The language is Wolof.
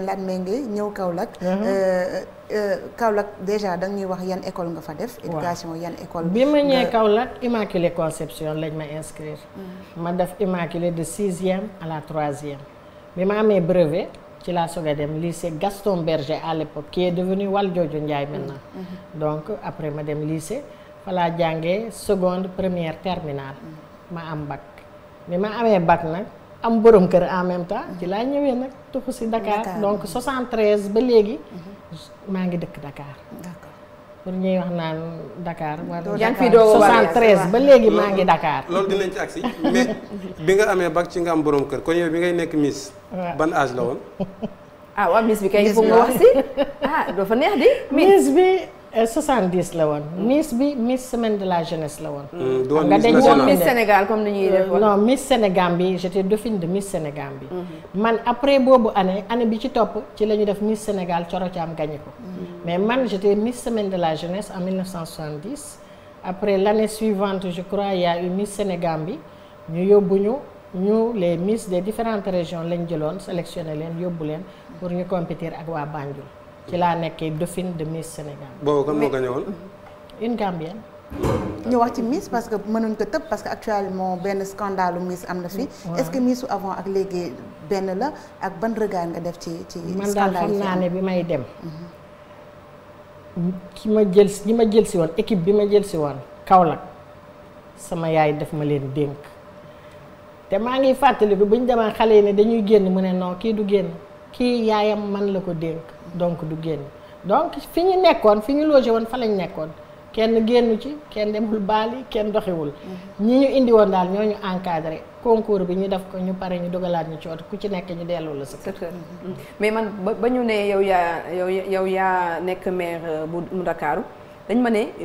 université ngi ñëw Kaolack. Mhm. Euh, euh, euh, Kaolack déjà da ñuy wax yan école nga fa def. éducation yan école. bi ma ñëwee Kaolack Immaculée Conception lañ ma inscrire. Mhm. ma def Immaculée de sixième à la troisième. bi ma amee brevet ci laa soog a dem lycée Gaston Berger à l'époque qui est devenu Valdiodio Ndiaye na donc après ma dem lycée fa laa jàngee seconde première terminale. Mhm. ma am bac bi ma amee bac nag. am boroom kër en même temps ci laa ñëwee nag tuxu si Dakar donc 73 ba léegi maa ngi dëkk dakaar pour ñuy wax naan Dakar war yaa ngi fi doog 73 ba léegi maa ngi dakaar loolu dinañ ci agsi mais bi nga amee bac ci nga am borom kër kon yow bi ngay nekk miis ban âge la woon ah waa Miss bi kay bu nga wax si ah, doo fa neex di Miss bi 70 la woon. Miss bi Miss semaine de la jeunesse la woon. Euh, Miss Sénégal comme ni ñuy def non Miss Sénégal bi j'étais dauphine de Miss Sénégal bi. Mhm. man après boobu année année bi ci topp ci la ñu def Miss Sénégal Coro Thiam gagné ko. Mhm. mais man j'étais Miss semaine de la jeunesse en 1970. après l'année suivante je crois il a eu Miss Sénégal bi ñu yóbbu ñu ñu les Miss des différentes régions lañu jëloon sélectionné leen yóbbu leen pour ñu compétir ak waa Banjul. ci laa nekkee dauphine de Miss Sénégal. boobu ko moo gañe woon. une Gambienne. ñu wax ci Miss parce que mënuñ ko tëb parce que actuellement benn scandale Miss am na fi. est-ce que Missu avant ak léegi benn la ak ban regard nga def ci ci. man daal bi may dem. Mhm. ki ma jël si ñi ma jël si woon équipe bi ma jël si woon Kaolack sama yaay daf ma leen dénk te maa ngi fàttali bi bu ñu demee xale yi ne dañuy génn mu ne non kii du génn kii yaayam man la ko dénk. donc du génn donc fi ñu nekkoon fi ñu logé woon fa lañ nekkoon kenn génnu ci kenn demul baali kenn doxiwul mhm. ñi ñu indi woon daal ñoo ñu encadré concours bi ñu def ko ñu pare ñu dugalaat ñu ci oto ku ci nekk ñu dellu la sa mais man ba ñu nee yow yaa yow yow yaa nekk maire euh, bu Ndakaaru dañ ma ne